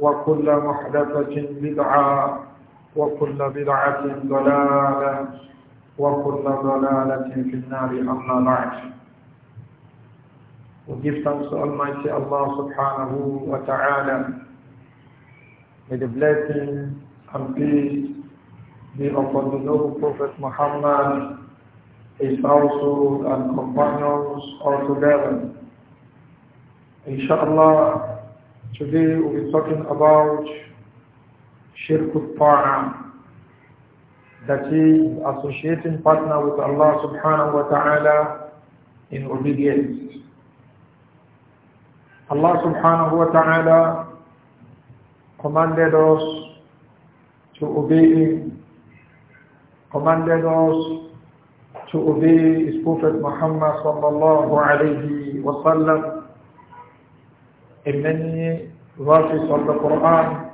وكل محدثة بدعة وكل بدعة ضلالة وكل ضلالة في النار أما بعد We give thanks to Almighty Allah subhanahu wa ta'ala. May the blessing and peace be upon the noble Prophet Muhammad, his household and companions all together. Inshallah, Today we'll be talking about Shirkut Ta'a, that is associating partner with Allah subhanahu wa ta'ala in obedience. Allah subhanahu wa ta'ala commanded us to obey Him, commanded us to obey His Prophet Muhammad sallallahu alayhi wa sallam, imani verses of the Quran.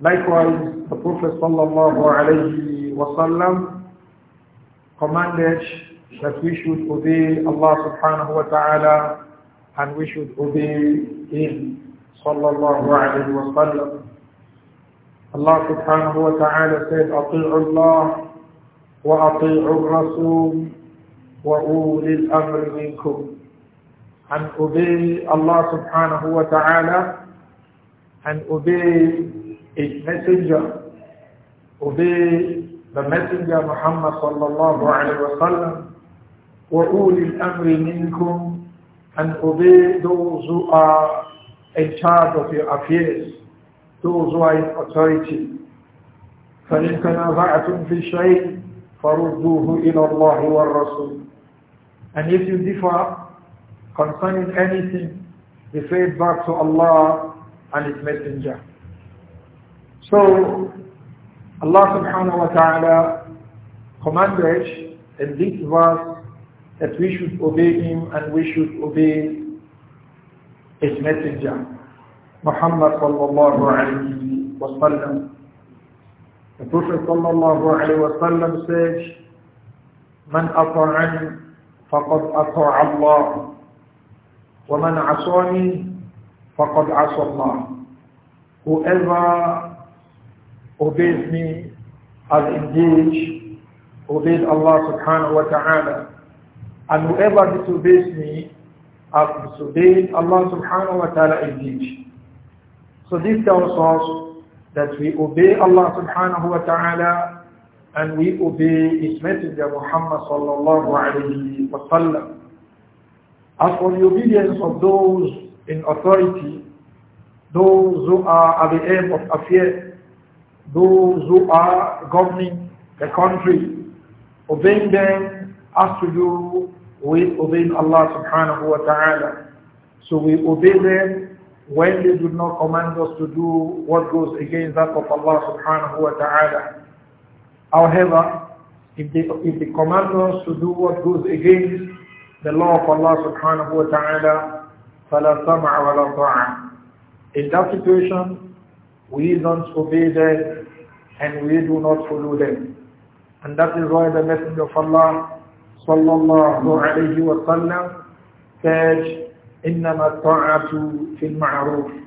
Likewise, the Prophet sallallahu alayhi wasallam commanded that we should obey Allah subhanahu wa ta'ala and we should obey Him sallallahu alayhi wa sallam. Allah subhanahu wa ta'ala said, أطيعوا الله وأطيعوا الرسول وأولي الأمر منكم and obey Allah subhanahu wa ta'ala and obey His messenger, obey the messenger Muhammad صلى الله عليه وسلم. وَأُولِي الْأَمْرِ مِنْكُمْ and obey those who are in charge of your affairs, those who are in authority. فَإِنْ تَنَازَعْتُمْ فِي شَيْءٍ فَرُدُّوهُ إِلَى اللَّهِ وَالرَّسُولِ And if you differ concerning anything referred back to Allah and His Messenger. So Allah subhanahu wa ta'ala commanded in this verse that we should obey Him and we should obey His Messenger, Muhammad sallallahu alayhi wa sallam. The Prophet sallallahu alayhi wa sallam said, من أطعني فقد أطاع الله وَمَنْ عَصَانِي فَقَدْ عَصَى اللَّهِ Whoever obeys me as indeed obeys Allah subhanahu wa ta'ala. And whoever disobeys me as disobeyed Allah subhanahu wa ta'ala indeed. So this tells us that we obey Allah subhanahu wa ta'ala and we obey His Messenger Muhammad sallallahu alayhi wa sallam. As for the obedience of those in authority, those who are at the helm of affairs, those who are governing the country, obeying them has to do with obeying Allah subhanahu wa ta'ala. So we obey them when they do not command us to do what goes against that of Allah subhanahu wa ta'ala. However, if they, if they command us to do what goes against the law of Allah subhanahu wa ta'ala, فَلَا سَمْعَ وَلَا طَاعَ In that situation, we don't obey them and we do not follow them. And that is why the Messenger of Allah sallallahu alayhi wa sallam said, إِنَّمَا الطَّاعَةُ فِي الْمَعْرُوفِ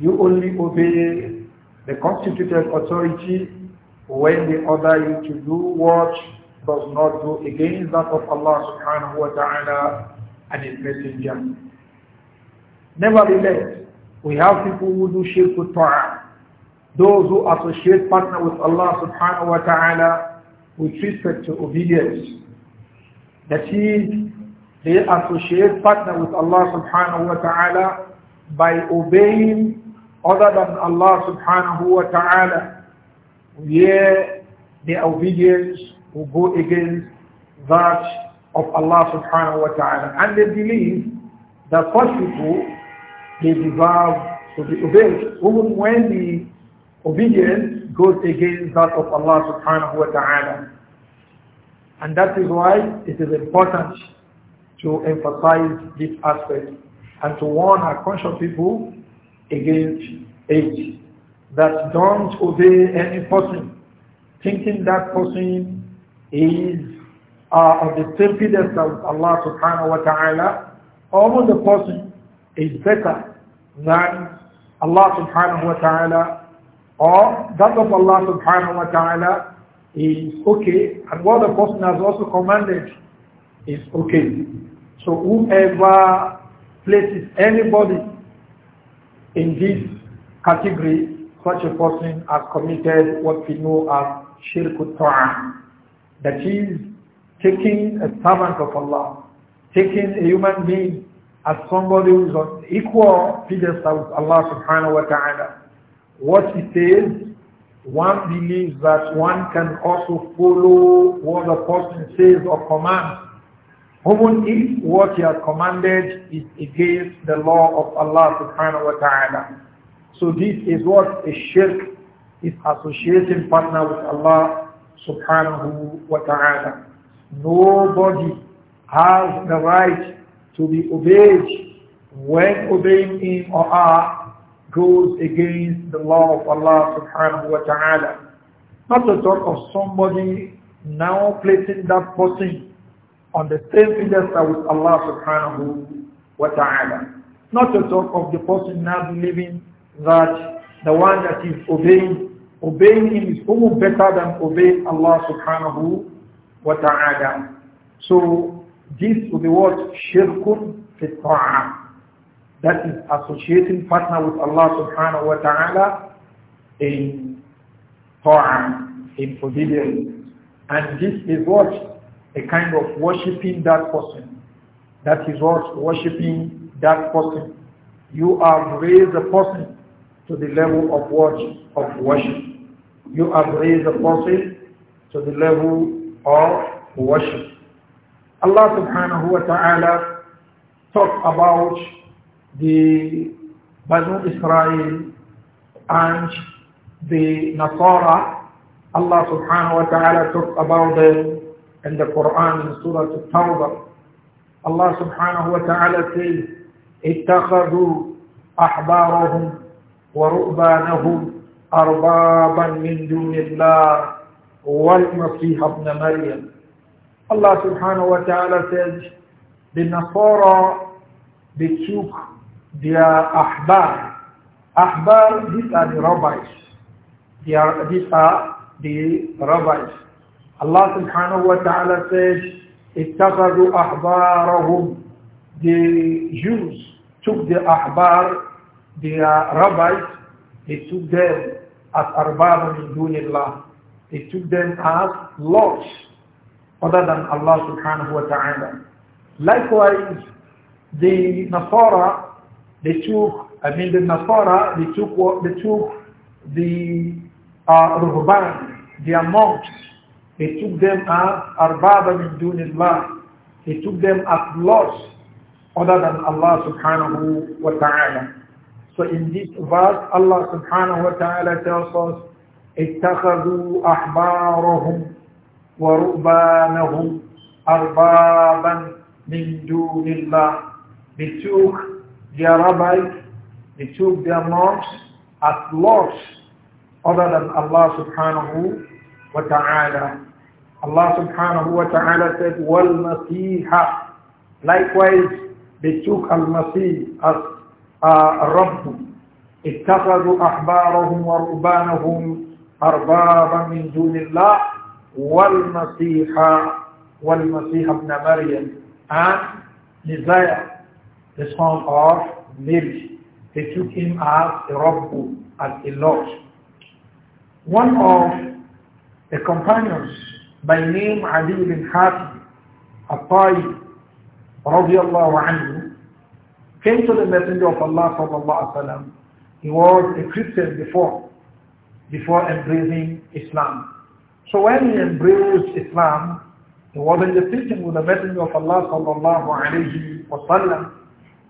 You only obey the constituted authority when they order you to do what does not go against that of Allah subhanahu wa ta'ala and His Messenger. Nevertheless, we have people who do shirk with ta'ah. Those who associate partner with Allah subhanahu wa ta'ala with respect to obedience. That is, they associate partner with Allah subhanahu wa ta'ala by obeying other than Allah subhanahu wa ta'ala. Where yeah, their obedience who go against that of Allah subhanahu wa ta'ala. And they believe that such people, they deserve to be obeyed, even when the obedience goes against that of Allah subhanahu wa ta'ala. And that is why it is important to emphasize this aspect and to warn our conscious people against it, that don't obey any person, thinking that person is uh, of the filthiness of Allah subhanahu wa ta'ala, almost the person is better than Allah subhanahu wa ta'ala or that of Allah subhanahu wa ta'ala is okay and what the person has also commanded is okay. So whoever places anybody in this category, such a person has committed what we know as shirk ta'am, that is taking a servant of Allah, taking a human being as somebody who is on equal pedestal with Allah subhanahu wa ta'ala. What he says, one believes that one can also follow what the person says or commands, even if what he has commanded is against the law of Allah subhanahu wa ta'ala. So this is what a shirk is associating partner with Allah subhanahu wa ta'ala. Nobody has the right to be obeyed when obeying him or her goes against the law of Allah subhanahu wa ta'ala. Not the talk of somebody now placing that person on the same pedestal with Allah subhanahu wa ta'ala. Not the talk of the person now believing that the one that is obeying obeying him is almost better than obeying Allah subhanahu wa ta'ala. So this will be what shirkun fitra'ah. That is associating partner with Allah subhanahu wa ta'ala in ta'ah, in obedience. And this is what? A kind of worshipping that person. That is what? Worshipping that person. You are raised a person to the level of what? Of worship you have raised the person to the level of worship. Allah subhanahu wa ta'ala talked about the Banu Israel and the Nasara. Allah subhanahu wa ta'ala talked about them in the Quran in Surah Al-Tawbah. Allah subhanahu wa ta'ala says, اتخذوا أحبارهم ورؤبانهم أربابا من دون الله والمسيح ابن مريم الله سبحانه وتعالى ta'ala says, the Nasara, they took their ahbar. Ahbar, these are the rabbis. They are, these are the rabbis. Allah سبحانه وتعالى ta'ala says, اتخذوا أحبارهم The Jews took the ahbar, their rabbis, they took them as arbab min dunillah. he took them as lords other than Allah subhanahu wa ta'ala. Likewise, the Nasara, they took, I mean the Nasara, they took, they took the uh, Ruhban, their monks, they took them as arbaba min dunillah. he took them as lords other than Allah subhanahu wa ta'ala. So in this verse, Allah subhanahu wa ta'ala tells us, اتخذوا أحبارهم ورؤبانهم أربابا من دون الله. They took their rabbis, they took their monks as lords other than Allah subhanahu wa ta'ala. Allah subhanahu wa ta'ala said, وَالْمَسِيحَ Likewise, they took Al-Masih as الرب اتخذوا أحبارهم ورهبانهم أربابا من دون الله والمسيح والمسيح ابن مريم and Messiah, the son of Mary. They took him as a Rabbu, as a Lord. One of the companions by name Ali bin Hatim, Atai, رضي الله عنه, came to the Messenger of Allah sallallahu alaihi He was a Christian before, before embracing Islam. So when he embraced Islam, he was in the teaching with the Messenger of Allah sallallahu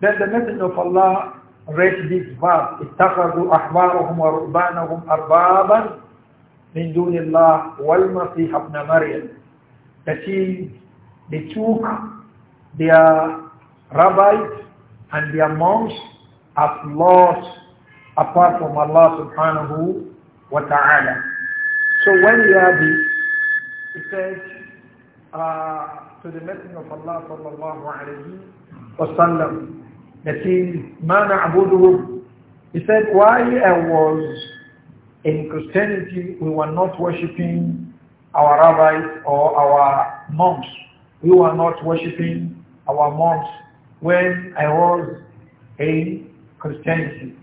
Then the Messenger of Allah read this verse, اتخذوا أحبارهم ورهبانهم أربابا من دون الله والمسيح ابن مريم. That is, they took their rabbis and their mouths have lost apart from Allah subhanahu wa ta'ala. So when you have the it uh, to the Messenger of Allah sallallahu alayhi wa sallam that is, مَا نَعْبُدُهُمْ He said, while I was in Christianity, we were not worshipping our rabbis or our monks. We were not worshipping our monks when I was a Christianity.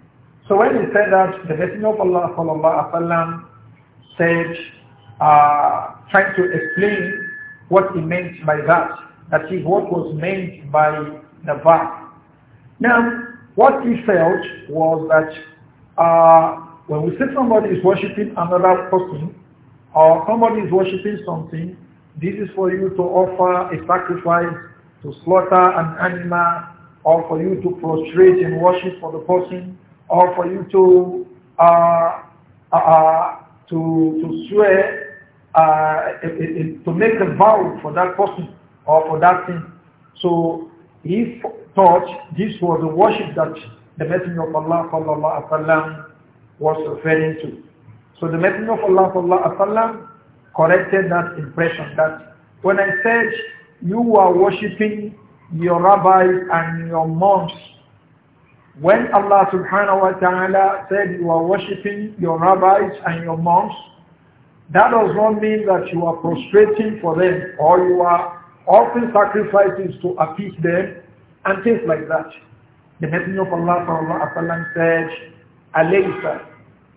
So when he said that, the Messenger of Allah sallallahu alaihi said, uh, trying to explain what he meant by that, that is what was meant by the verse. Now, what he felt was that uh, when we say somebody is worshipping another person, or somebody is worshipping something, this is for you to offer a sacrifice to slaughter an animal or for you to prostrate in worship for the person or for you to uh, uh, uh to, to swear uh, to make a vow for that person or for that thing. So he thought this was the worship that the Messenger of Allah sallallahu was referring to. So the Messenger of Allah sallallahu corrected that impression that when I said you are worshipping your rabbis and your monks. When Allah subhanahu wa ta'ala said you are worshipping your rabbis and your monks, that does not mean that you are prostrating for them or you are offering sacrifices to appease them and things like that. The Messenger of Allah sallallahu alayhi wa said, أَلَيْسَ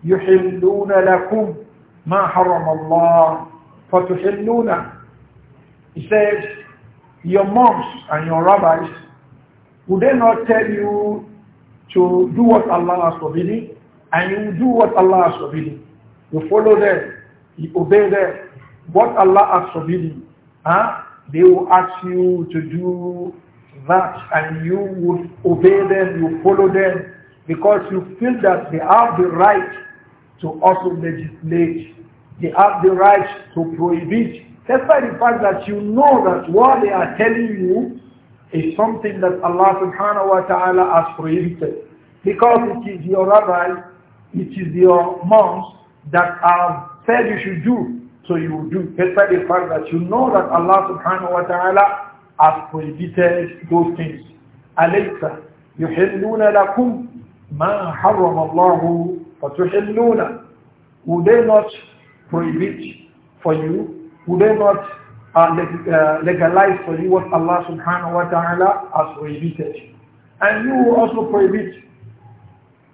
يُحِلُّونَ لَكُمْ مَا حَرَمَ اللَّهِ فَتُحِلُّونَ He says, your moms and your rabbis, would they not tell you to do what Allah has forbidden? And you do what Allah has forbidden. You follow them. You obey them. What Allah has forbidden. Huh? They will ask you to do that and you would obey them, you follow them because you feel that they have the right to also legislate. They have the right to prohibit by the fact that you know that what they are telling you is something that Allah subhanahu wa ta'ala has prohibited. Because it is your rabbi, it is your monks that have said you should do, so you will do. by the fact that you know that Allah subhanahu wa ta'ala has prohibited those things. أليس يحلون لكم ما حرم الله فتحلون Would they not prohibit for you would they not uh, uh, legalize for you what Allah subhanahu wa ta'ala has prohibited? And you will also prohibit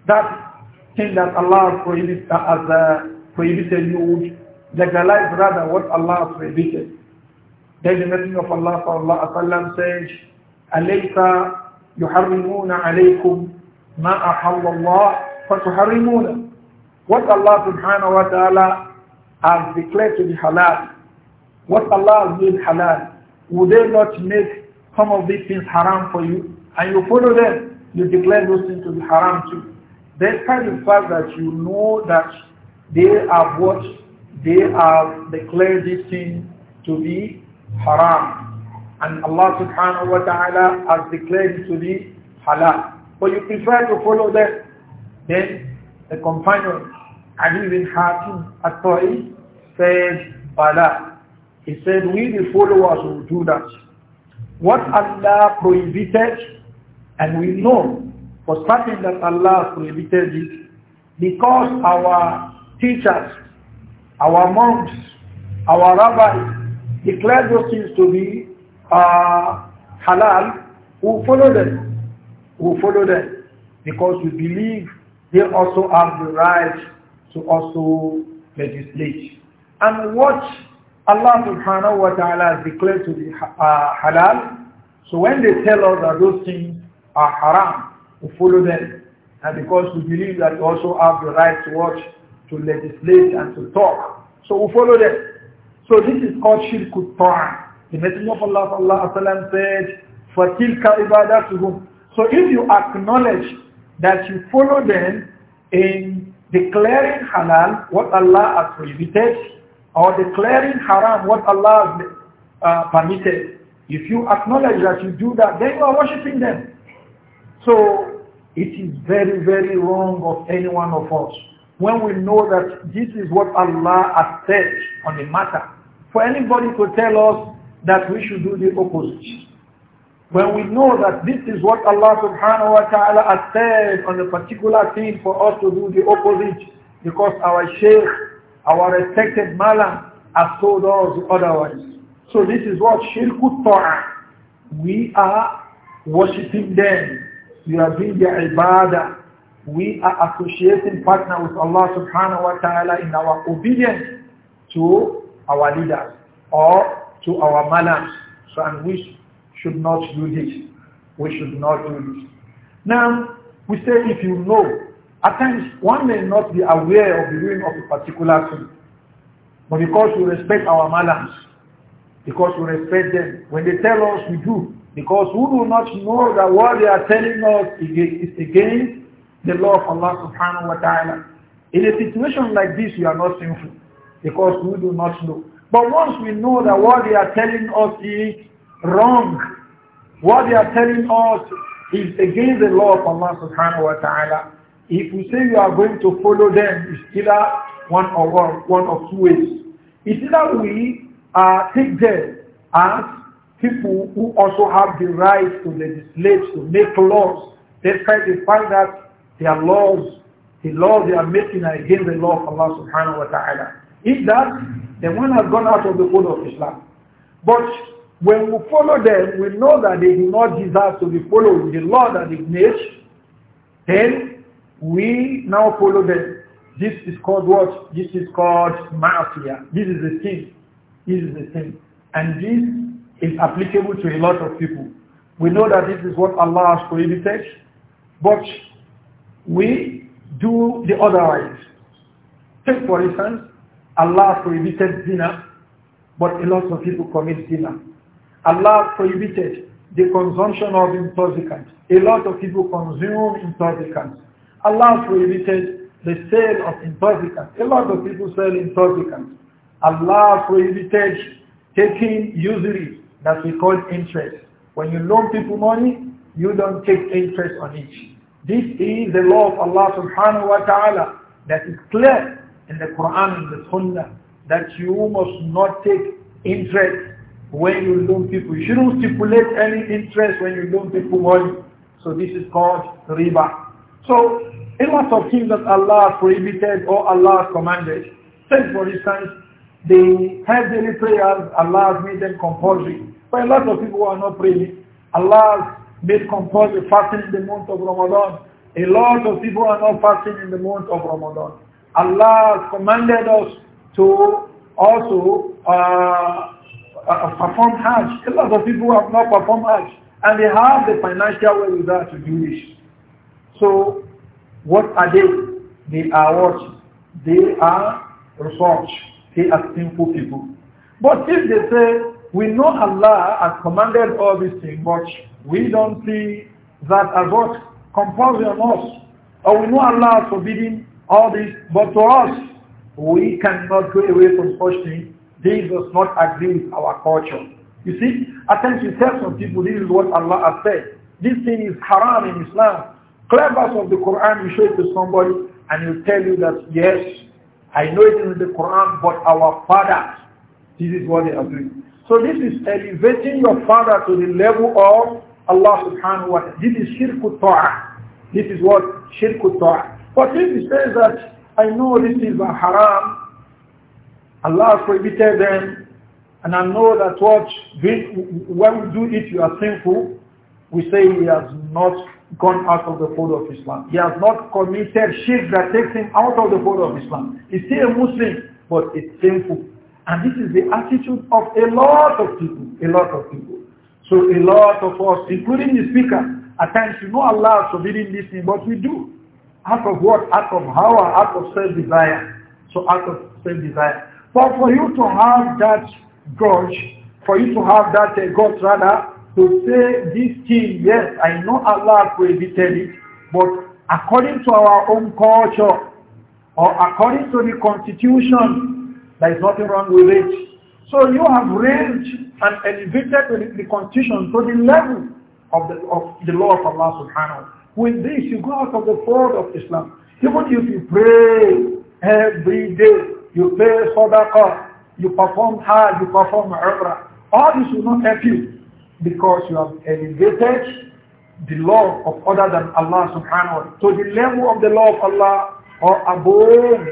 that thing that Allah prohibit, uh, has uh, prohibited, you would legalize rather what Allah has prohibited. Then the Messenger of Allah sallallahu alaihi says, أَلَيْسَ يُحَرِّمُونَ عَلَيْكُمْ مَا أَحَلَّ اللَّهُ فَتُحَرِّمُونَ What Allah subhanahu wa ta'ala has declared to be halal, what Allah has made halal, would they not make some of these things haram for you? And you follow them, you declare those things to be haram too. Despite the fact that you know that they have what they have declared this thing to be haram. And Allah subhanahu wa ta'ala has declared it to be halal. But you prefer to follow them. Then the companion Ali bin Hatim at-Ta'i said, he said, we the followers will do that. What Allah prohibited, and we know for certain that Allah prohibited it, because our teachers, our monks, our rabbis declared those things to be uh, halal, who follow them, who follow them, because we believe they also have the right to also legislate. And what Allah subhanahu wa ta'ala has declared to be uh, halal. So when they tell us that those things are haram, we follow them. And because we believe that we also have the right to watch, to legislate and to talk. So we follow them. So this is called shirk ta'an. The Messenger of Allah sallallahu alayhi wa said, فَتِلْكَ عِبَادَتُهُمْ So if you acknowledge that you follow them in declaring halal what Allah has prohibited, or declaring haram what Allah uh, permitted, if you acknowledge that you do that, then you are worshipping them. So it is very, very wrong of any one of us when we know that this is what Allah has said on the matter. For anybody to tell us that we should do the opposite. When we know that this is what Allah subhanahu wa ta'ala has said on a particular thing for us to do the opposite because our shaykh our respected Malam has told us otherwise. So this is what shirku Ta'ah. We are worshipping them. We are doing their ibadah. We are associating partner with Allah subhanahu wa ta'ala in our obedience to our leaders or to our malams. So and we should not do this. We should not do this. Now, we say if you know at times, one may not be aware of the doing of a particular thing. But because we respect our malams, because we respect them, when they tell us we do, because we do not know that what they are telling us is against the law of Allah subhanahu wa ta'ala. In a situation like this, we are not sinful because we do not know. But once we know that what they are telling us is wrong, what they are telling us is against the law of Allah subhanahu wa ta'ala, If you say you are going to follow them, it's either one or one, one of two ways. It's either we uh, take them as people who also have the right to legislate, to make laws, despite the find that their laws, the laws they are making are against the law of Allah subhanahu wa ta'ala. If that, then one has gone out of the fold of Islam. But when we follow them, we know that they do not deserve to be followed with the law that they made, then we now follow them. This is called what? This is called mafia. This is the thing. This is the thing. And this is applicable to a lot of people. We know that this is what Allah has prohibited, but we do the otherwise. Take for instance, Allah prohibited zina, but a lot of people commit zina. Allah prohibited the consumption of intoxicants. A lot of people consume intoxicants. Allah prohibited the sale of intoxicants. A lot of people sell intoxicants. Allah prohibited taking usury that we call interest. When you loan people money, you don't take interest on it. This is the law of Allah subhanahu wa ta'ala that is clear in the Quran and the Sunnah that you must not take interest when you loan people. You shouldn't stipulate any interest when you loan people money. So this is called riba. So, a lot of things that Allah prohibited or Allah commanded, take for instance, the have daily prayers, Allah has made them compulsory. But a lot of people are not praying. Allah has made compulsory fasting in the month of Ramadan. A lot of people are not fasting in the month of Ramadan. Allah has commanded us to also uh, uh, perform Hajj. A lot of people have not performed Hajj. And they have the financial wherewithal to do this. So what are they? They are what? They are research. They are sinful people. But if they say, we know Allah has commanded all these things, but we don't see that as what compulsory on us. Or we know Allah has forbidden all this, but to us, we cannot go away from such things. This does not agree with our culture. You see, I think you tell some people this is what Allah has said. This thing is haram in Islam clever of the Quran, you show it to somebody and he'll tell you that, yes, I know it in the Quran, but our father, this is what they are doing. So this is elevating your father to the level of Allah subhanahu wa ta'ala. This is shirku ta'ah. This is what shirku ta'ah. But if he says that, I know this is a haram, Allah prohibited them, and I know that what, when we do it, you are sinful, we say he has not gone out of the fold of Islam. He has not committed shirk that takes him out of the fold of Islam. He's still a Muslim, but it's sinful. And this is the attitude of a lot of people, a lot of people. So a lot of us, including the speaker, at times you know Allah is forbidding this thing, but we do. Out of what? Out of our, out of self-desire. So out of self-desire. But for you to have that grudge, for you to have that uh, God rather, to say this thing, yes, I know Allah prohibited it, but according to our own culture or according to the constitution, there is nothing wrong with it. So you have raised and elevated the constitution to the level of the, of the law of Allah subhanahu wa With this, you go out of the fold of Islam. Even if you pray every day, you pay sadaqah, you perform hajj, you perform umrah, all this will not help you. because you have elevated the law of other than Allah subhanahu wa ta'ala to the level of the law of Allah or above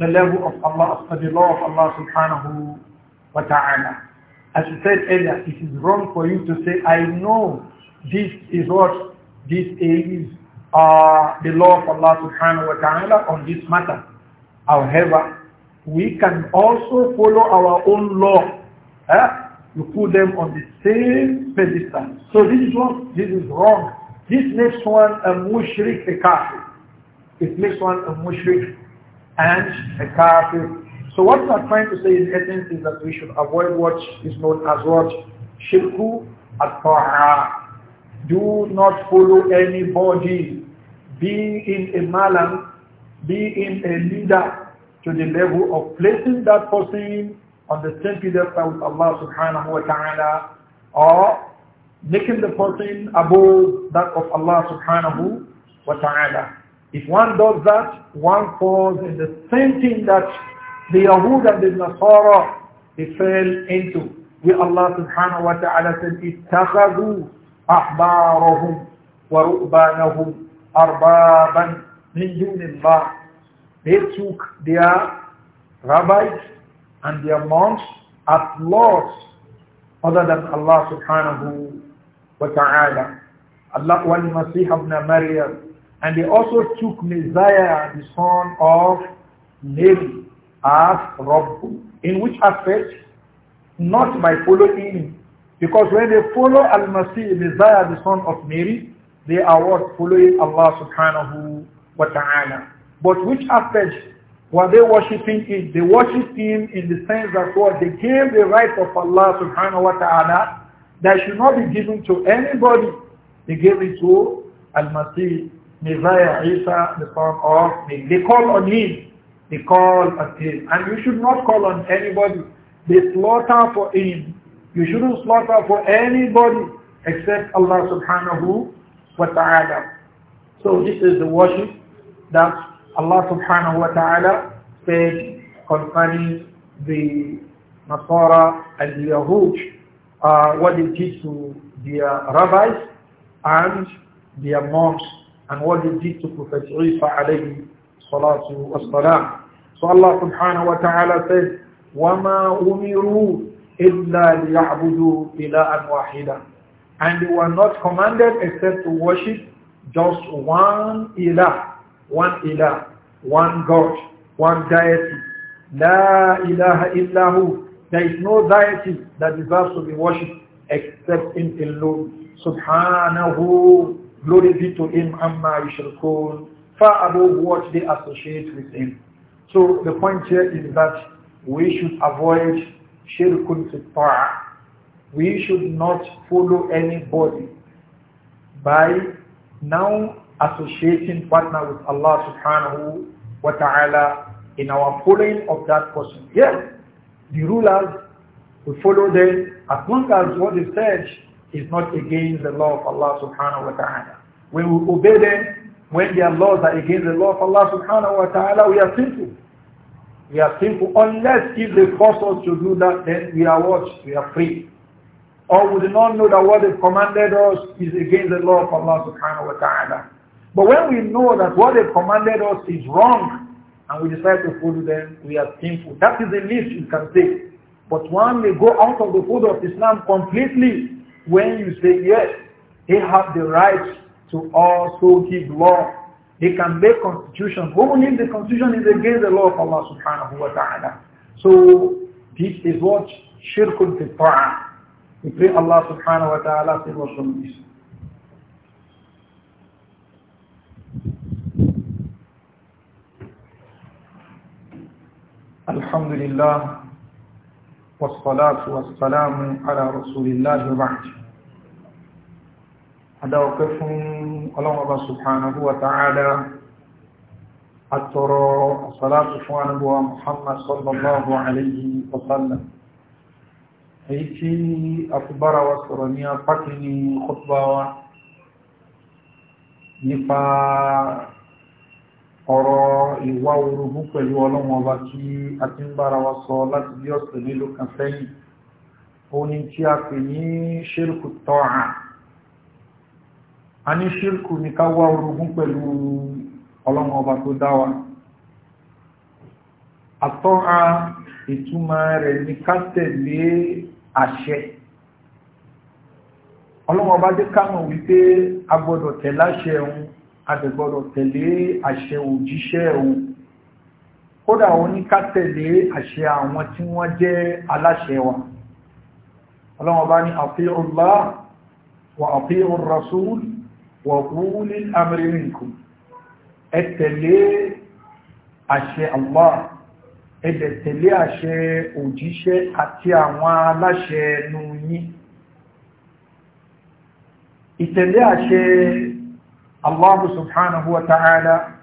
the level of Allah, of the law of Allah subhanahu wa ta'ala. As you said earlier, it is wrong for you to say, I know this is what this is uh, the law of Allah subhanahu wa ta'ala on this matter. However, we can also follow our own law. Eh? you put them on the same pedestal. So this is this is wrong. This makes one a mushrik, a kafir. It makes one a mushrik and a kafir. So what we are trying to say in essence is that we should avoid what is known as what shirku at Do not follow anybody. Be in a malam, be in a leader to the level of placing that person on the same pedestal with Allah subhanahu wa ta'ala or making the person above that of Allah subhanahu wa ta'ala. If one does that, one falls in the same thing that the Yahud and the Nasara they fell into. Where Allah subhanahu wa ta'ala said, اتخذوا أحبارهم ورؤبانهم أربابا من دون الله. They took their rabbis and their monks at loss other than Allah subhanahu wa ta'ala. Allah Al Masih ibn Maryam. And they also took Messiah, the son of Mary, as Rabbu. In which aspect? Not by following Because when they follow Al-Masih, Messiah, the son of Mary, they are what? Following Allah subhanahu wa ta'ala. But which aspect were they worshipping it? They worshipped him in the sense that what they gave the right of Allah subhanahu wa ta'ala that should not be given to anybody. They gave it to Al-Masih, Messiah Isa, the son of me. They call on him. They call on him. And you should not call on anybody. They slaughter for him. You shouldn't slaughter for anybody except Allah subhanahu wa ta'ala. So this is the worship that Allah subhanahu wa ta'ala said concerning the Nasara and the Yahud, uh, what they did to their rabbis and their monks, and what they did to Prophet Isa alayhi salatu wasalam. So Allah subhanahu wa ta'ala said, وَمَا أُمِرُوا إِلَّا لِيَعْبُدُوا إِلَىٰ وَاحِدًا And they were not commanded except to worship just one ilah, one ilah, one God, one deity. La ilaha illahu. There is no deity that deserves to be worshipped except in alone. Subhanahu. Glory be to him amma yushrikun. Far above what they associate with him. So the point here is that we should avoid shirkun fitta'ah. We should not follow anybody by now associating partner with Allah subhanahu wa ta'ala in our following of that person. Yes, the rulers, we follow them as long as what they said is not against the law of Allah subhanahu wa ta'ala. When we obey them, when their laws are against the law of Allah subhanahu wa ta'ala, we are sinful. We are sinful. Unless if they force us to do that, then we are what? We are free. Or we do not know that what they commanded us is against the law of Allah subhanahu wa ta'ala. But when we know that what they commanded us is wrong, and we decide to follow them, we are sinful. That is the least you can take. But one may go out of the fold of Islam completely when you say, yes, they have the right to also give law. They can make constitution, Who if the constitution is against the law of Allah subhanahu wa ta'ala. So this is what shirkul fitra'ah. We pray Allah subhanahu wa ta'ala save us from this. الحمد لله والصلاة والسلام على رسول الله وبعد هذا وقف الله سبحانه وتعالى أترى الصلاة فوان محمد صلى الله عليه وسلم أيتي أكبر وسرني أفكني خطبة نفا ọ̀rọ̀ ìwà orogún pẹ̀lú ọlọ́run ọba tí a ti ń bára wa sọ láti bí ọ̀sẹ̀ mélòó kan sẹ́yìn ó ní tí a pè ní ṣírkù tọ́à a ní ṣírkù ní ká wá orogún pẹ̀lú ọlọ́run ọba tó dá àtọ́ra ìtumọ̀ rẹ̀ ní ká tẹ̀lé àṣẹ ọlọ́run ọba dé kánà wípé a gbọ́dọ̀ tẹ̀láṣẹ òun àtẹ̀gbọ́dọ̀ tẹ̀lé àṣẹ òjíṣẹ́ o kódà wọn ní ká tẹ̀lé àṣẹ àwọn tí wọ́n jẹ́ aláṣẹ wa ọlọ́wọ́n bá ní àfihàn wa àfihàn rasul wa kúrúlé amìrìnkù ẹ tẹ̀lé àṣẹ allah ẹ ìtẹ̀lé àṣẹ Allah subhanahu wa ta'ala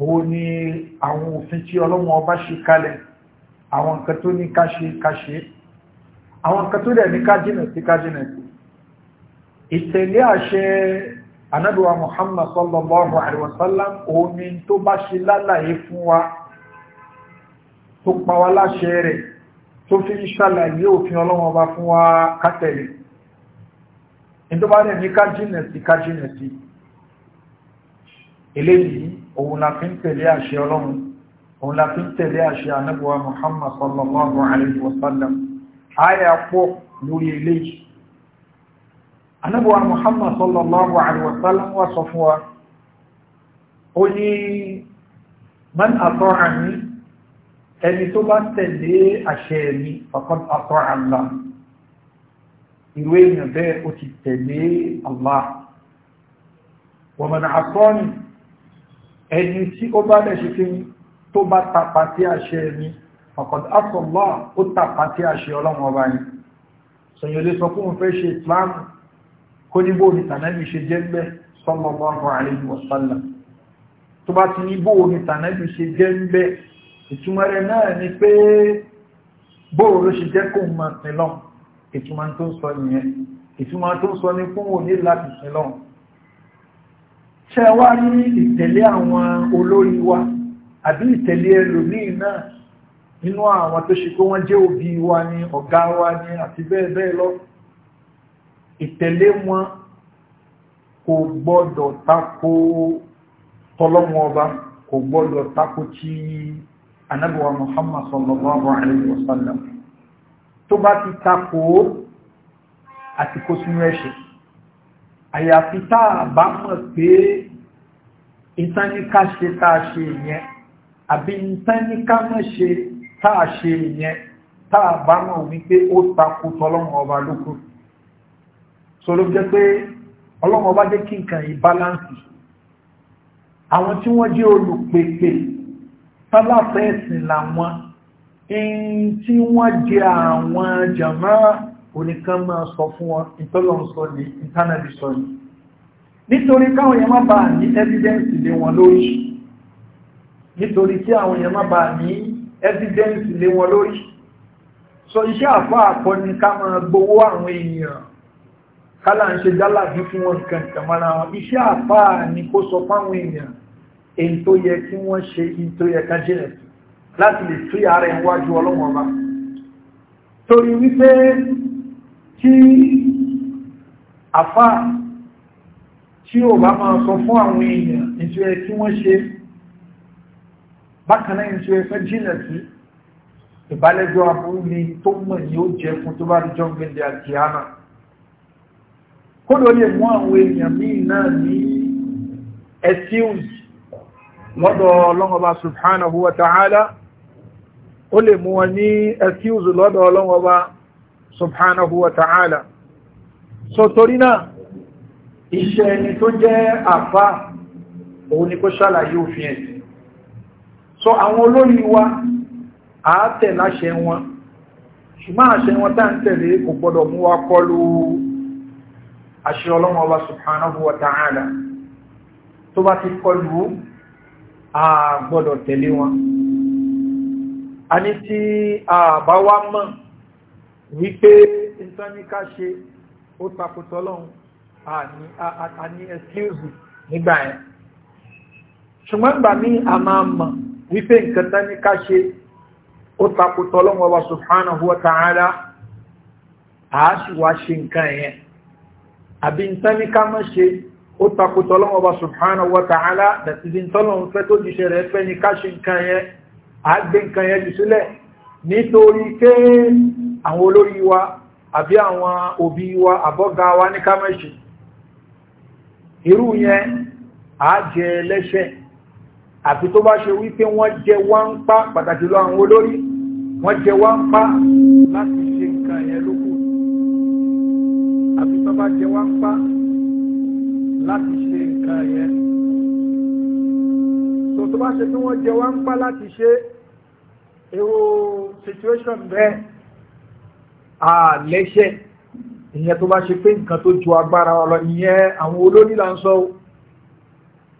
ó ní àwọn òfin tí ọlọ́wọ́n ọba ṣe kalẹ̀ àwọn nǹkan tó ní káṣe káṣe àwọn nǹkan tó dẹ̀ ní kájínà sí kájínà sí ìtẹ̀lé àṣẹ anábíwa Muhammad sallallahu alaihi wasallam omi tó bá ṣe lálàyé fún wa tó pa wá láṣẹ rẹ̀ tó fi ń ṣàlàyé òfin ọlọ́wọ́n ọba fún wa kátẹ̀lé ìjọba rẹ̀ ní kájínà sí kájínà sí eléyìí òun la fi ń tẹ̀lé àṣẹ ọlọ́run òun la fi ń tẹ̀lé àṣẹ anábọ̀wá muhammad sallallahu alayhi wa sallam ayé pọ̀ lórí eléyìí anábọ̀wá muhammad sallallahu alayhi wa sallam wá sọ fún wa ó ní man àtọ́ àmì ẹni tó bá tẹ̀lé àṣẹ mi faqad àtọ́ àlá ìwé èèyàn bẹ́ẹ̀ ó ti tẹ̀lé allah wa man ẹni tí ó bá lẹ́ṣe kí ní tó bá tàpá tí àṣẹ ẹni ọ̀kọ̀dá àtọ̀lá ó tàpá tí àṣẹ ọlọ́run ọba yìí sọ̀yìn olè sọ fún fẹ́ ṣe islam kó níbò ní tànẹ́bì ṣe jẹ́gbẹ́ sọ́mọ́mọ́ àrẹ́bì wọ̀sánlá tó bá ti níbò ní tànẹ́bì jẹ́ kó mọ̀ sílọ́n ṣe wá ní ìtẹ̀lé àwọn olórí wa àbí ìtẹ̀lé ẹlòmíì náà nínú àwọn tó ṣe pé wọ́n jẹ́ òbí wa ni ọ̀gá wa ni àti bẹ́ẹ̀ bẹ́ẹ̀ lọ ìtẹ̀lé wọn kò gbọ́dọ̀ tako tọlọ́mọ ọba kò gbọ́dọ̀ tako tí anábíwa muhammad sallallahu alaihi wasallam tó bá ti tako àti kó sínú ẹ̀ṣẹ̀ àyàfi ìtàníká ṣe táa ṣe ìyẹn àbí ìtàníká mọ́ ṣe táa ṣe ìyẹn táa bá mọ̀ wípé ó takò tọ́lọ́mọ ọba lókù so ló jẹ́ pé ọlọ́mọ ọba jẹ́ kí nǹkan yìí báláǹsì àwọn tí wọ́n jẹ́ olùpèpè tálàfẹ́ ẹ̀sìn làwọn ẹni tí wọ́n jẹ àwọn jàmáà oníkan máa sọ fún wọn ìtọ́lọ́ sọ ní ìtánàbí sọ ní nítorí káwọn èèyàn má ní evidence lé wọn lórí nítorí kí àwọn èèyàn má ní evidence lé wọn lórí so iṣẹ́ àfá àkọni ká máa gbowó àwọn èèyàn kálà ń ṣe jálàbí fún wọn kankan mara wọn iṣẹ́ àfá ni kó sọ fáwọn èèyàn èyí tó yẹ kí wọ́n ṣe èyí tó yẹ ká jẹ́ láti lè tú ara ẹ̀ wájú ọlọ́wọ́n torí wípé tí àfá tí ó bá máa sọ fún àwọn èèyàn ìṣú ẹ tí wọ́n ṣe bákan náà ìṣú ẹ fẹ́ jìnà sí ìbálẹ́jọ́ aburú ni tó mọ̀ ní ó jẹ́ fún tó bá rí john gbẹ̀dẹ̀ àti hana kódò lè mú àwọn èèyàn míì náà ní excuse lọ́dọ̀ ọlọ́ngọba subhanahu wa ta'ala ó lè mú wọn ní excuse lọ́dọ̀ ọlọ́ngọba subhanahu wa ta'ala so torí náà iṣẹ́ ẹni tó jẹ́ àfá òun ni kó ṣàlàyé òfin ẹ̀sìn so àwọn olórí wa àátẹ̀ láṣẹ wọn ṣùgbọ́n àṣẹ wọn tá ń tẹ̀lé kò gbọ́dọ̀ mú wa kọlu àṣẹ ọlọ́run ọba subhanahu wa ta'ala tó bá ti kọlu a gbọ́dọ̀ tẹ̀lé wọn a ní tí a bá wá mọ̀ wípé ìtọ́níká ṣe ó takùtọ́lọ́run a ní ẹ̀sìkúùsì nígbà yẹn ṣùgbọ́n gbà ní a máa mọ̀ wípé nǹkan tán ní ká ṣe ó takùtọ̀ lọ́wọ́ wa subhanahu wa ta'ala àásì wá ṣe nǹkan yẹn àbí nǹkan ní ká mọ́ ṣe ó takùtọ̀ lọ́wọ́ wa subhanahu wa ta'ala dàtìdì tọ́lọ́wọ́ fẹ́ tó jíṣẹ́ rẹ̀ fẹ́ ní ká ṣe nǹkan yẹn àágbé nǹkan yẹn jù sílẹ̀ nítorí pé àwọn olórí wa àbí àwọn òbí wa àbọ́gá wa ní ká mọ́ ṣe irú yẹn àájẹ lẹ́ṣẹ̀ àti tó bá ṣe wípé wọ́n jẹ wá ń pa pàtàkì lọ àwọn olórí wọ́n jẹ wá ń pa láti ṣe nǹkan yẹn lókù àti tó bá jẹ wá ń pa láti ṣe nǹkan yẹn so tó bá ṣe tí wọ́n jẹ wá ń pa láti ṣe èrò situation bẹ́ẹ̀ àlẹ́ṣẹ̀ ìyẹn tó bá ṣe pé nǹkan tó ju agbára ọlọ ìyẹn àwọn olórí là ń sọ o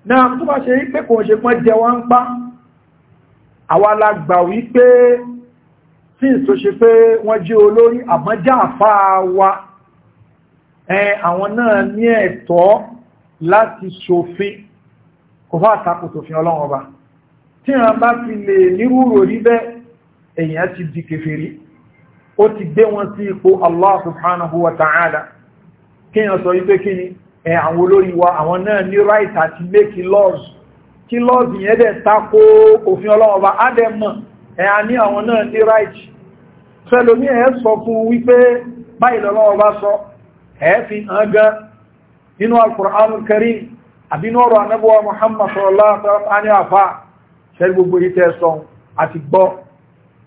náà tó bá ṣe pé kò ṣe pọ́n jẹ wá ń pá àwa la wípé tí ì ṣe pé wọ́n jẹ́ olórí àmọ́já àfáà wa àwọn náà ní ẹ̀tọ́ láti ṣòfin kò fà àtakò tòfin ọlọ́run ọba tí wọ́n bá fi lè nírúurò rí bẹ́ èèyàn ti di kèfèrí ó ti gbé wọn sí ipò Allah subhanahu wa ta'ala kí sọ wípé kí ni ẹ àwọn olórí wa àwọn náà ní right àti make laws kí laws yẹn dẹ̀ tako òfin ọlọ́wọ́ bá adẹ́mọ̀ ẹ a ní àwọn náà ní right fẹ́lómi ẹ sọ fún wípé báyìí lọ́wọ́ bá sọ ẹ fi hàn gan nínú Karim àbínú ọ̀rọ̀ anábọ́wà wa àti gbọ́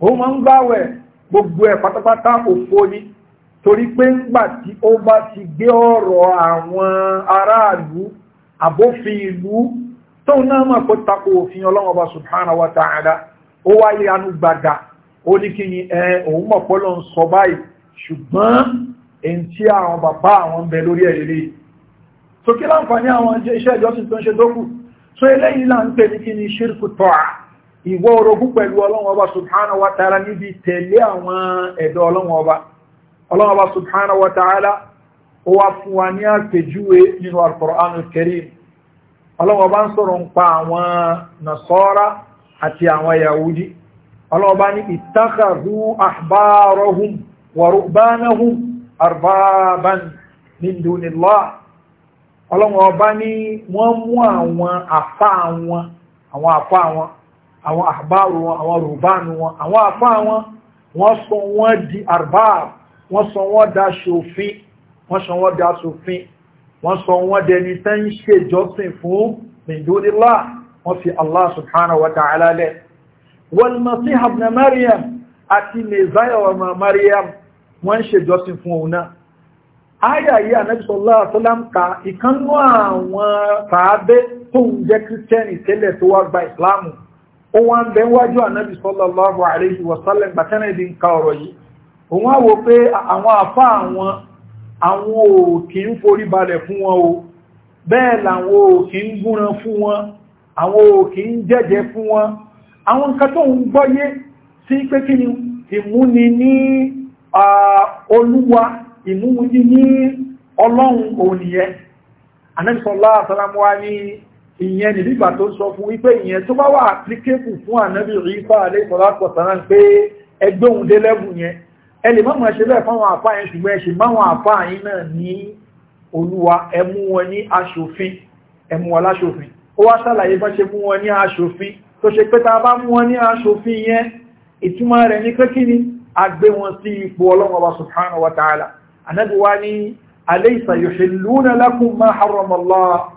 òun máa ń gbáwẹ̀ gbogbo ẹ̀ pátápátá òfo ni torí pé ńgbà tí ó bá ti gbé ọ̀rọ̀ àwọn aráàlú àbófin ìlú tóun náà máa kó tako òfin ọlọ́mọba subhanahu wa ta'ala ó wáyé anúgbàdà ó ní kí ni ẹ òun mọ̀ pọ́lọ́ ń sọ báyìí ṣùgbọ́n èyí tí àwọn bàbá àwọn ń bẹ lórí ẹ̀ lélẹ́yìí so láǹfààní àwọn iṣẹ́ ìjọsìn tó ń ṣe dókù so eléyìí là ń pè ní kí ni ṣírkù tọ́à ìwọ orogún pẹ̀lú ọlọ́run ọba subhanahu wa ta'ala níbi tẹ̀lé àwọn ẹ̀dọ́ ọlọ́run ọba ọlọ́run ọba subhanahu wa ta'ala ó wá fún wa ní àpèjúwe nínú alkùránù kẹrin ọlọ́run ọba ń sọ̀rọ̀ ń pa àwọn àfá àwọn àwọn àfá àwọn àwọn àbáàrù wọn àwọn rùbánu wọn àwọn afá wọn wọ́n sọ wọ́n di arbáàrù wọ́n sọ wọ́n da ṣòfin wọ́n sọ wọ́n da ṣòfin wọ́n sọ wọ́n dẹni tẹ́ ń ṣèjọsìn fún mìndúrílá wọ́n fi allah subhanahu wa ta'ala lẹ̀ wọ́n masiha ibn maryam àti mẹ́záyà ọmọ maryam wọ́n ṣèjọsìn fún òun náà ayà yìí ànẹ́bìsọ̀lá àtọ́lámka ìkánú àwọn tàábé tó ń jẹ́ kírísítẹ́nì tẹ́lẹ̀ tó wá gba ìsìláàmù ó wá ń bẹ wájú ànábì sallallahu alayhi wa sallam gbàtẹ́nà ìdí nǹkan ọ̀rọ̀ yìí òun á wò pé àwọn àfá àwọn àwọn ò kí ń forí balẹ̀ fún wọn o bẹ́ẹ̀ làwọn ò kí ń gúnran fún wọn àwọn ò kí ń jẹ́jẹ́ fún wọn àwọn nǹkan tó ń gbọ́yé sí pé kí ni ìmúni ní olúwa ìmúni ní ọlọ́run òun nìyẹn ìyẹn ni nígbà tó sọ fún wípé ìyẹn tó bá wà applicable fún ànábì rífà aléìsọ̀lápọ̀ sára ń pé ẹgbẹ́ òun dé lẹ́bù yẹn ẹ lè mọ́mọ̀ ṣe bẹ́ẹ̀ fáwọn àpá yẹn ṣùgbọ́n ẹ ṣe máwọn àpá yìí náà ní olúwa ẹmú wọn ní aṣòfin ẹmú wọn láṣòfin ó wá ṣàlàyé bá ṣe mú wọn ní aṣòfin tó ṣe pé ta bá mú wọn ní aṣòfin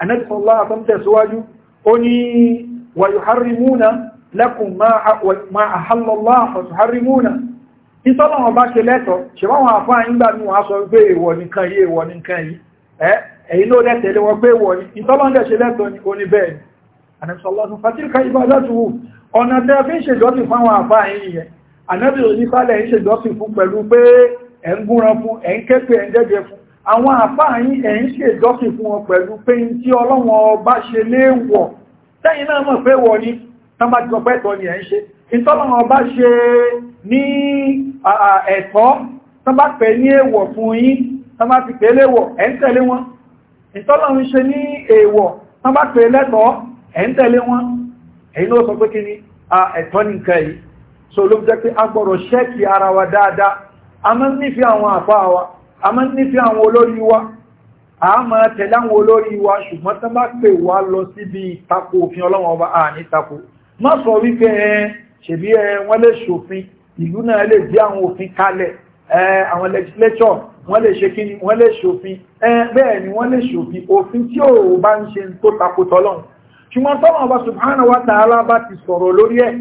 anẹ́sọ̀lá àtọ́mtẹ̀síwájú ó ní wàyùhárímúnà lẹ́kùn ma àhálọ́lá àtọ́hárímúnà ìtọ́nà ọba ṣe lẹ́tọ̀ ṣèwọ́n àfáà ń gbà ní wọ́n sọ pé èèwọ̀ nìkan yìí èèwọ̀ nìkan yìí ẹ̀yìn ló lẹ́tẹ̀lé wọn pé èèwọ̀ ní ìtọ́nà ṣe lẹ́tọ̀ ní oní bẹ́ẹ̀ anẹ́sọ̀lá fún fatíkà ìbádátúwù ọ̀nà tẹ́ fi ń ṣèjọ́sìn fún àwọn àfáà yìí yẹn anẹ́bìrì nípalẹ̀ ń ṣèjọ́sìn fún pẹ̀lú pé ẹ̀ ń gúnran fún ẹ̀ ń kẹ́pẹ́ ẹ̀ ń jẹ́jẹ́ fún àwọn àfáàyín ẹ̀yìn ń ṣe fún wọn pẹ̀lú pé ń tí ọlọ́wọ́n ọba ṣe léèwọ̀ tẹ́yìn náà mọ̀ pé wọ ni tánbájọpẹ́tọ̀ ni ẹ̀ ń ṣe ìtọ́lọ́wọ́n ọba ṣe ní ẹ̀tọ́ tánbápẹ́ ní èèwọ̀ fún yín tánbápẹ́ léèwọ̀ ẹ̀ ń wọn ní èèwọ̀ wọn so wa a máa ń nífẹ́ àwọn olórí wa a máa tẹ̀lé àwọn olórí wa ṣùgbọ́n tán bá pè wá lọ síbi ìtakò òfin ọlọ́wọ́n ọba à ní takò má sọ wípé ẹ ṣèbí ẹ wọ́n lè ṣòfin ìlú náà lè gbé àwọn òfin kalẹ̀ àwọn legislature wọ́n lè ṣe kí ni wọ́n lè ṣòfin bẹ́ẹ̀ ni wọ́n lè ṣòfin òfin tí ò bá ń ṣe tó takò tọ́lọ́run ṣùgbọ́n tọ́wọ́n ọba subhanahu wa ta'ala bá ti sọ̀rọ̀ lórí ẹ̀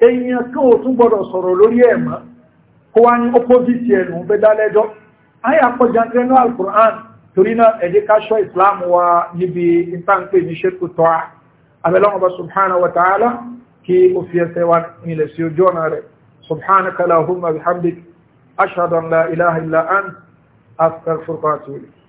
èèyàn kan ò gbọ́dọ̀ sọ̀rọ̀ lórí ẹ̀ mọ́ kó wá ní opposite ẹ̀ lòun fẹ́ dá ayà pọ̀já nínú alkùnrán torí náà ẹ̀dẹ́ káṣọ́ islam wa níbi ìtànkè ní ṣekú tọ́a abẹ́lọ́wọ́ subhana wa ta'ala kí o fi ẹsẹ̀ wa nílẹ̀ sí ojú ọ̀nà rẹ̀ subhana kalahumma bihamdik ashhadu an la ilaha illa ant astaghfiruka wa